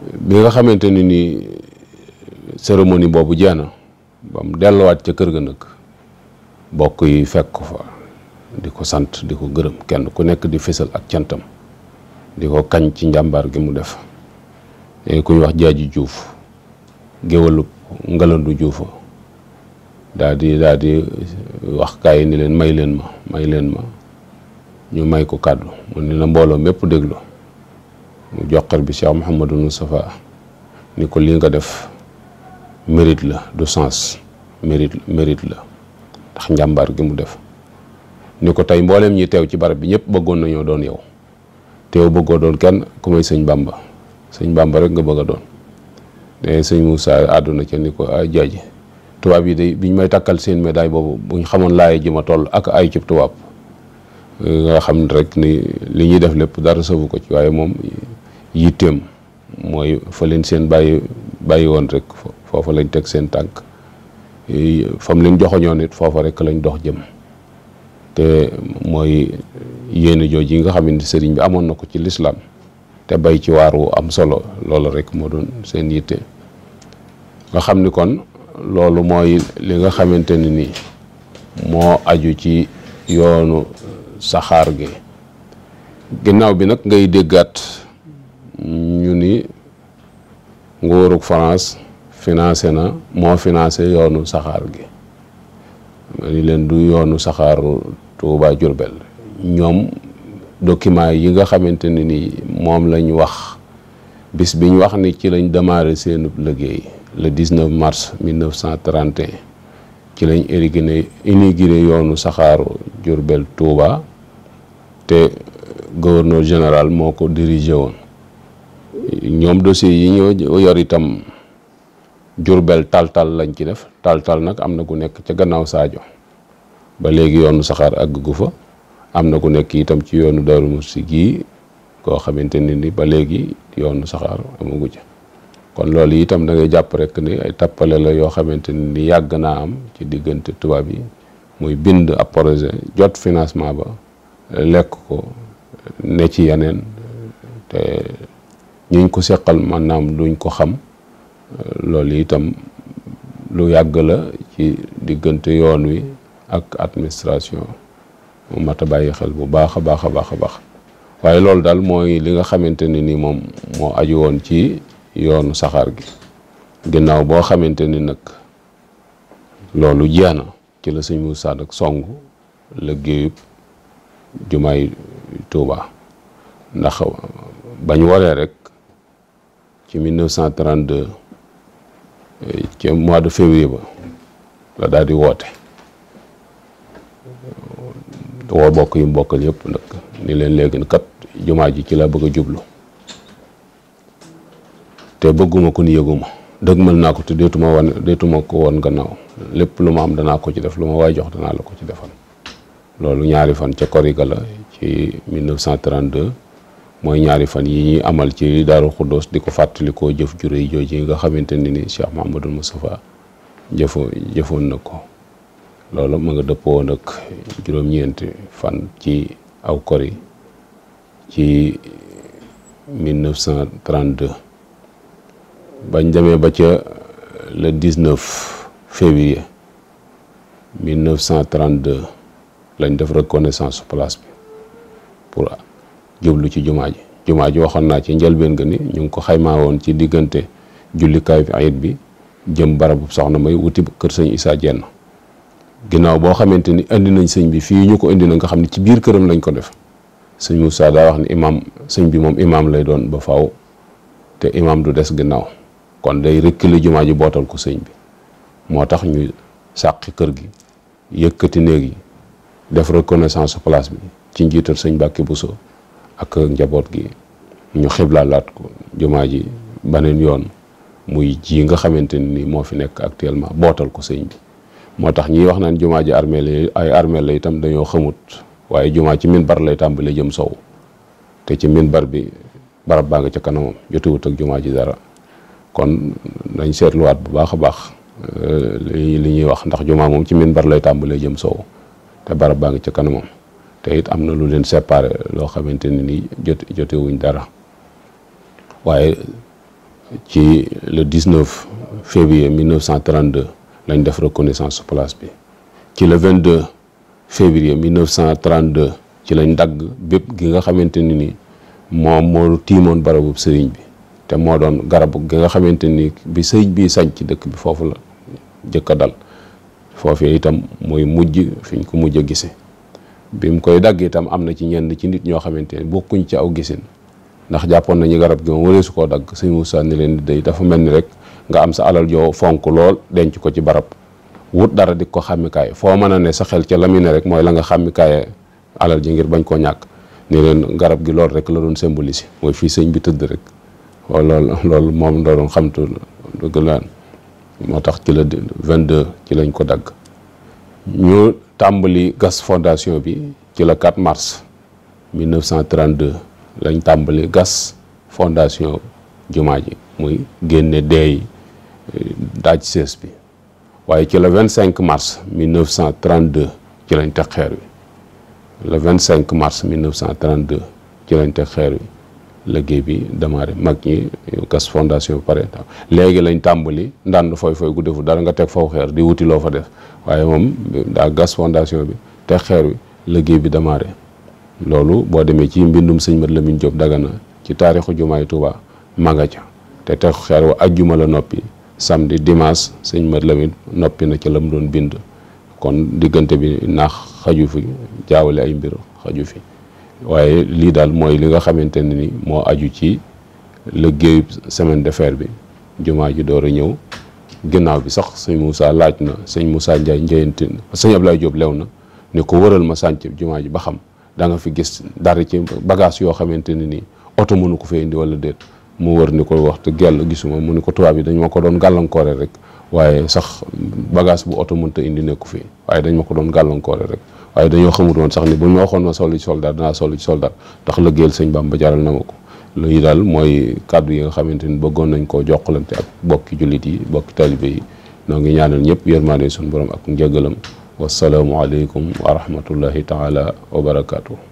bi nga xamante ni nii cérémonie boobu jeex na ba mu delluwaat ca kër ga nag bokk yi fekk fa di ko sant di ko gërëm kenn ku nekk di fésal ak cantam di ko kañ ci njàmbaar gi mu def eh, ku ñu wax jaaju juuf géwalub ngalandu juufa daal di daal di wax kaa yi ni leen may leen ma may leen ma ñu may ko kàddu mu ne na mbooloo mépp déglu mu joxar bi Cheikh Mouhamadou Moustapha ni ko lii nga def mérite la du sens mérite mérite la ndax njàmbaar gi mu def ni ko tey mbooleem ñi teew ci barab bi ñëpp bëggoon nañoo doon yow teew bëggoo doon kenn ku may sëñ Bamba sëñ Bamba rek nga bëgg a doon te sëñ Moussa àdduna ca ni ko ay jaaji tubaab yi day biñ may takkal seen médaille boobu buñ xamoon laay ji ma toll ak ay cib tubaab nga xam ne rek ni li ñuy def lépp dara sëfu ko ci waaye moom yitteem mooy fa leen seen bàyyi bàyyi woon rek foofa lañ teg seen tànk fam leen joxoñoon it foofa rek lañ dox jëm te mooy yéene jooju yi nga xam ne sëriñ bi amoon na ko ci lislaam te bay ci waar wu am solo loolu rek moo doon seen yitte nga xam ni kon loolu mooy li nga xamante ne ni moo aju ci yoonu saxaar gi ginnaaw bi nag ngay déggaat ñu ni nguurug France financé na moo financé yoonu saxaar gi ma ni leen du yoonu saxaaru Touba Jurbel ñoom document yi nga xamante ne ni moom lañ wax bis biñ wax ni ci lañ démarré seenub liggéey le 19 mars 1931 ci lañ érigné inauguré yoonu saxaaru Jurbel Touba te gouverneur général moo ko dirigé woon ñoom dossier yi ñoo yor itam Jurbel tal-tal lañ ci def tal-tal nag am na ku nekk ca gannaaw saajo ba léegi yoonu saxaar àgg gu fa am na ku nekk itam ci yoonu Daaru Musi gii koo xamante ne ni ba léegi yoonu saxaar amagu ca kon loolu itam da ngay jàpp rekk ni ay tappale la yoo xamante ne ni yàgg naa am ci diggante tubaab yi muy bind ab jot financement ba lekk ko ne ci yeneen te ñuñ ko seqal maanaam duñ ko xam euh, loolu itam lu yàgg la ci diggante yoon wi ak administration mu mat a bàyyi xel bu baax a baax a baax a baax waaye loolu daal mooy li nga xamante ne ni moom moo aju woon ci yoonu saxaar gi ginnaaw boo xamante ni nag loolu jeex na ci la sëñ Moussa ak song liggéeyub jumaay Tuuba ndax bañ waree rek ci 1932 euh, ci mois de février ba la daal di woote euh, woo bokk yi mu bokkal yëpp nag ni leen léegi kat jumaa ji ci laa bëgg a jublu te bëgguma ko ni yëguma dëgmal naa ko te deetuma woon deetuma ko woon gannaaw lépp lu ma am danaa ko ci def lu ma waay jox danaa la ko ci defan loolu ñaari fan ca Korité la ci 1932 mooy ñaari fan yi ñuy amal ci Daaru Xuddoos di ko fàttalikoo jëf ju rëy jooju nga xamante ne ni Cheikh Mouhamadul Moustapha jëfoo jëfoon na ko loolu mu nga dëppoo nag juróom-ñeenti fan ci aw kori ci 1932 bañ demee ba ca le 19 février 1932 lañ def reconnaissance place bi pour. jublu ci jumaa ji jumaa ji waxoon naa ci njëlbeen nga ni ñu ngi ko xaymaa woon ci diggante jullikaay fi ayit bi jëm barabu soxna may wuti kër sëñ Issa Diène ginnaaw boo xamante ni indi nañ sëñ bi fii ñu ko indi na nga xam ne ci biir këram lañ ko def sëñ Moussa daa wax ni imaam sëñ bi moom imaam lay doon ba faw te imaam du des ginnaaw kon day rëkkale jumaa ji bootal ko sëñ bi moo tax ñu sàqi kër gi yëkkati néeg yi def reconnaissance place bi ci njiital sëñ Mbàkke Bousso ak njaboot gi ñu xiblaalaat ko jumaa ji baneen yoon muy ji nga xamante ni moo fi nekk actuellement bootal ko sëñ bi moo tax ñiy wax naan jumaa ji armeel ay armeel la itam dañoo xamut waaye jumaa ci minbar lay tàmbale jëm sow te ci minbar bi barab baa ngi ca kanamam jotewut ak jumaa ji dara kon dañ seetluwaat bu baax a baax euh, li li ñuy wax ndax jumaa moom ci bar lay tàmbalee jëm sow te barab baa ngi ca kanamam te it am na lu leen séparé loo xamante ne ni jot jotewuñ dara waaye ci le 19 février 1932 lañ def reconnaissance su place bi ci le 22 février 1932 ci lañ dagg bépp gi nga xamante ne ni moom moo tiimoon barabu sëriñ bi te moo doon garabu gi nga xamante ni bi sëriñ bi sañ ci dëkk bi foofu la jëkk a dal foofee itam mooy mujj fiñ ko mujj a gisee. bi mu koy dagg itam am na ci ñenn ci nit ñoo xamante ne bokkuñ ci aw gisin ndax jàppoon nañu garab gi moom waree su koo dagg sëñ Moussa ni leen di day dafa mel ni rek nga am sa alal joo fonk lool denc ko ci barab wut dara di ko xàmmikaay foo mën a ne sa xel ci la mu rek mooy la nga xàmmikaay alal ji ngir bañ koo ñàkk ni leen garab gi lool rek la doon symboliser mooy fii sëñ bi tëdd rek loolu loolu moom la doon xamtu dëgg moo tax ci la 22 ci lañ ko dagg tàmbali gas fondation bi ci la 4 mars 1932 lañ tàmbali gas fondation jumaa ji muy génne deey euh, daaj sees bi waaye ci la le 25 mars 1932 ci lañ teg xeer wi le 25 mars 1932 ci lañ teg xeer wi liggéey bi démarré mag ñi gas fondation pare léegi lañ tàmbali ndànd fooy fooy gu defu dara nga teg faw xeer di wuti loo fa def waaye moom daa gas fondation bi teg xeer bi liggéey bi démarré loolu boo demee ci mbindum sëñ la Lamin Jóob daggana ci taarixu jumaay Tuubaa manga ca te teg xeer wa ajjuma la noppi samedi dimanche sëñ Mat Lamin noppi na ca la doon bind kon diggante bi naax xaju fi jaawale ay mbir xaju fi waaye lii daal mooy li nga xamante ne ni moo aju ci liggéeyu semaine de bi jumaa ji door a ñëw ginnaaw bi sax sëñ Moussa laaj na sëñ Moussa Ndiaye njëyante sëñ Ablaye Diop lew na ne ko wëral ma sànc jumaa ji ba xam da nga fi gis dara ci bagage yoo xamante ne nii oto mënu ko fee indi wala déet mu wër ni ko waxtu gell gisuma mu ni ko tubaab yi dañ ma ko doon gàllankoore rek waaye sax bagage bu oto mënta indi nekku fii waaye dañ ma ko doon gàllankoore rek waaye dañoo xamut woon sax ni ba ñu ma waxoon ma solu ci soldat danaa solu ci soldat ndax lëggéeyal sëñ Bamba jaral na ma ko luñu daal mooy kàddu yi nga xamante ni bëggoon nañ koo jokkalante ak bokki jullit yi bokki talibe yi noo ngi ñaanal ñëpp yërmaande suñu borom ak njëgalam wasalaamualeykum wa rahmatullahi taala wa barakaatu.